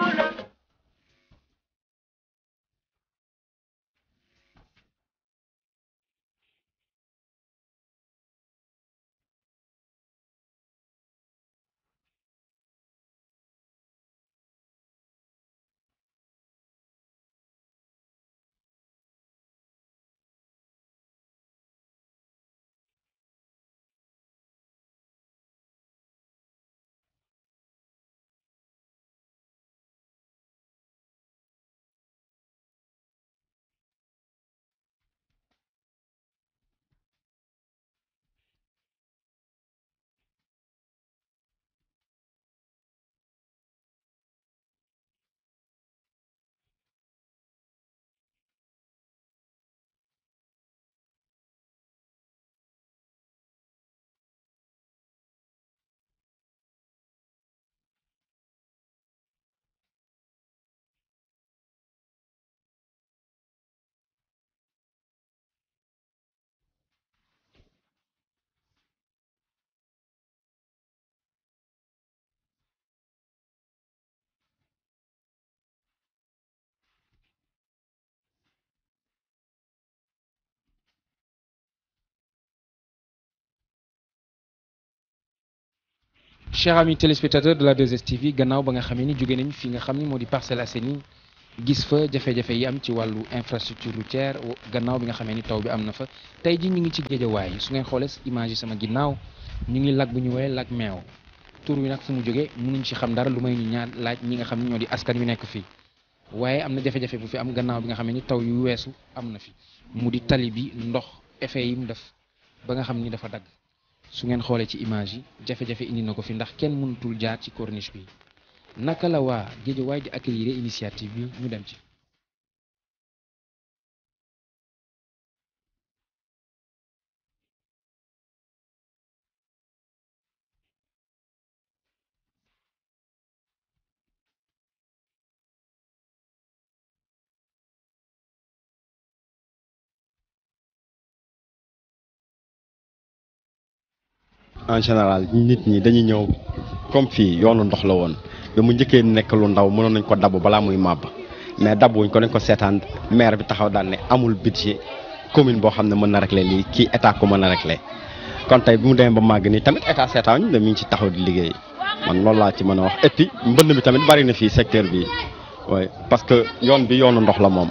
Hola. chers amis téléspectateurs de la 2STV gannaaw ba nga xamee ni jóge nañ fi nga xam ni moo di Parcelles Assainies gis fa jafe-jafe yi am ci wàllu infrastructure routière gannaaw bi nga xamee ni taw bi am na fa tey ji ñu ngi ci Géejawaay su ngeen xoolee image yi sama ginnaaw ñu ngi lag bu ñu woowee lag meew tur bi nag fu mu jógee mënuñ ci xam dara lu may ñu laaj ñi nga xam ni ñoo di askan wi nekk fii waaye am na jafe-jafe bu fi am gannaaw bi nga xamee ni taw yu weesu am na fi mu di tali bi ndox effet yi mu def ba nga xam ni dafa dagg su ngeen xoolee ci image yi jafe-jafe indi na ko fi ndax kenn mënatul jaar ci corniche bi naka la waa Guédiawaye di accueillir initiative bi ñu dem ci en général nit ñi dañuy ñëw comme fii yoonu ndox la woon bi mu njëkkee nekk lu ndaw mënoon nañ ko dabu balaa muy màbb mais dabuñ ko dañ ko seetaan maire bi taxaw daal ne amul budget commune boo xam ne mën na régler lii kii état ko na a régler kon tey bi mu demee ba màgg nii tamit état seetaan ñu ne mi ngi ci taxaw di liggéey man loolu laa ci mën a wax et puis mbënd mi tamit bari na fii secteur bi waaye parce que yoon bi yoonu ndox la moom.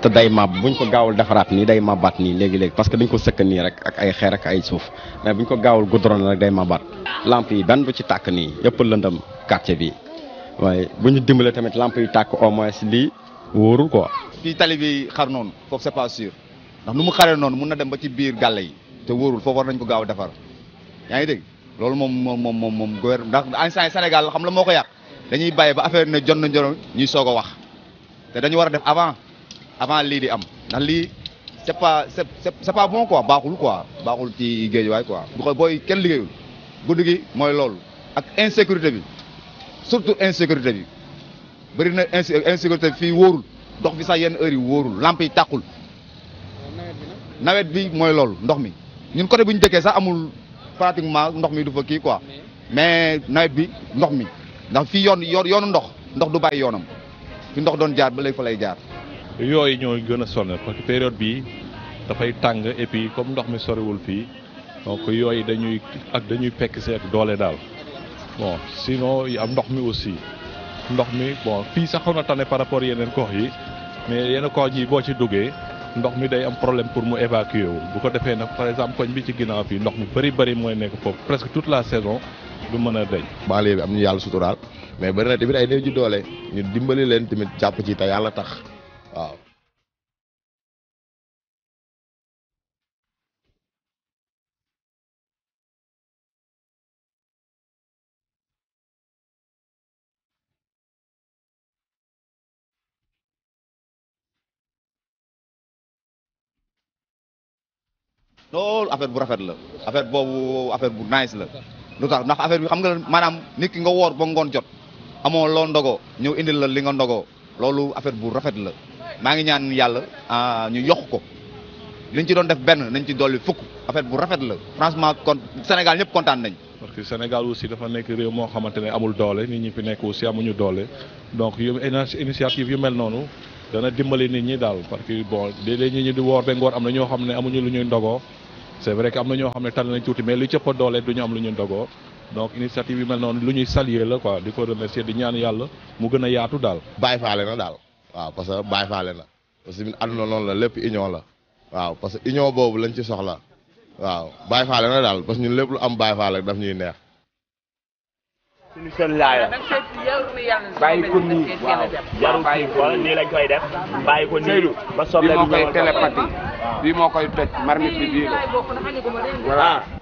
te day màbb buñ ko gaawul defaraat nii day màbbaat nii léegi-léegi parce que dañ ko sëkk nii rek ak ay xeer ak ay suuf mais buñ ko gaawul goudron rek day màbbaat lamp yi benn bu ci tàkk nii yëpp lëndëm quartier bi waaye bu ñu lee tamit lamp yi tàkk au moins lii wóorul ko fii tali bi xar noonu foofu c'est pas ndax nu mu xaree noonu mun na dem ba ci biir gàlle yi te wóorul foofu war nañ ko gaaw defar yaa ngi dégg loolu moom moom moom moom moom gouvernement ndax instant yi Sénégal xam la moo ko yàq dañuy bàyyi ba affaire ne jot na jot ñuy soog a wax avant lii di am ndax lii c'est pas c'est pas bon quoi baaxul quoi baaxul ci géejuwaay quoi bu booy kenn liggéeyul guddi mooy loolu ak insécurité bi surtout insécurité bi bëri na insécurité bi fii wóorul ndox bi sax yenn heure yi wóorul lamp yi tàkkul nawet bi mooy loolu ndox mi ñun côté bu ñu sax amul pratiquement ndox mi du fa kii quoi mais nawet bi ndox mi ndax fii yoon yoonu ndox ndox du bàyyi yoonam fi ndox doon jaar ba léegi fa lay jaar yooyu ñoo gën a sonal parce que période bii dafay tàng et puis comme ndox mi soriwul fii donc yooyu dañuy ak dañuy pekk see ak doole daal bon sinon am ndox mi aussi ndox mi bon fii sax xaw na tane par rapport yeneen koox yi mais yenn koox yi boo ci duggee ndox mi day am problème pour mu évacuer wu bu ko defee nag par exemple koñ bi ci ginnaaw fii ndox mi bari bari mooy nekk foofu presque toute la saison du mën a deñ banlieue bi am ñu yàlla suturaal mais bëri na tamit ay néew doole ñu dimbali leen tamit jàpp ci te yàlla tax waaw loolu affaire bu rafet la affaire boobu affaire bu nice la lu tax ndax affaire bi xam nga maanaam nit nga woor ba ngoon jot amoo loo ndogoo ñëw indil la li nga loolu affaire bu rafet la maa ngi ñaan yàlla ah, ñu yokk ko liñ ci doon def benn nañ ci yi fukk affaire bu rafet la franchement kon Sénégal ñëpp kontaan nañ. parce que Sénégal aussi dafa nekk réew moo xamante ne amul doole nit ñi fi nekk aussi doole donc yu initiative yu mel noonu dana dimbali nit ñi daal parce que bon léeg-léeg nit di woor de ngoor am na ñoo xam ne amuñu lu ñuy ndogoo c'est vrai que am na ñoo xam ne tànn nañ tuuti mais lu cëpp doole du ñu am lu ñuy ndogoo donc initiative yu mel noonu lu ñuy saluer la ko di ko remercier di ñaan yàlla mu gën yaatu daal. bàyyi faale waaw parce que Baay Faal la parce que àdduna noonu la lépp union la waaw parce que union boobu lañ ci soxla waaw Baay Faal na daal parce que ñun lépp lu am Baay Faal rek ñuy neex. suñu moo koy télépathie bii moo koy toj marmite bii la